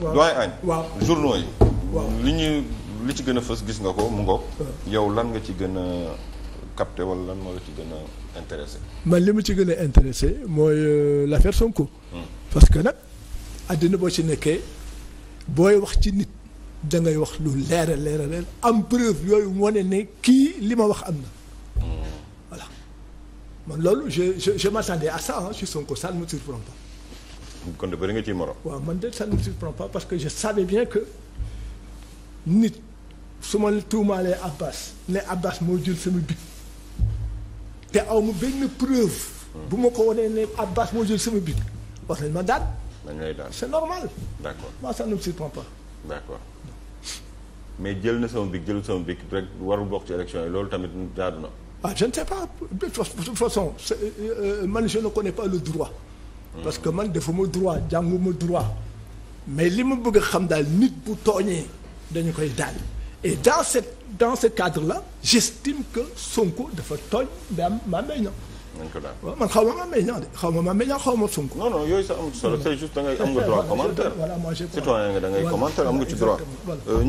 doyen Agne. waaw journaux yi. li ñu li ci gën a fës gis nga ko mu ngoog. yow lan nga ci gën a capté wala lan moo la ci gën a intéressé. man li mu ci gën a intéressé mooy euh, l'affaire Sonko. Hmm. parce que nag àddina boo ci nekkee booy wax ci nit. da ngay wax lu leer a leer am preuve yooyu wane ne kii li ma wax am na hmm. voilà man loolu je je je m'attendais à ça ah sur Sonko ça ne me surprend kon de bëri nga ci morom. waaw man de ça ne me surprend pas parce que je savais bien que nit su ma tuumaalee Abbas ne Abbas moo jël sama big te aw ma benn preuve. bu ma ko wanee ne Abbas moo jël sama big wax nañ ma daan. dañ lay daan c'est normal. d'accord moi ça ne surprend pas. d'accord mais jël na sama big jëlu sama big rek warul bokk ci élection yi loolu tamit jaadu na. ah je ne sais pas de toute façon euh, euh, man je ne connais pas le droit. parce que man defuma droit jànguma droit mais li ma bëgg xam daal nit bu tooñee dañu koy daal et dans cette dans ce cadre là j' estime que Sonko dafa tooñ daam maa mbay ña. waaw man xaw ma maa mbay ña de xaw ma maa mbay ña xaw ma Sonko. non non yooyu sax amul solo c'est juste da ngay am nga droit commentaire. voilà moi nga da commentaire am nga ci droit. Euh,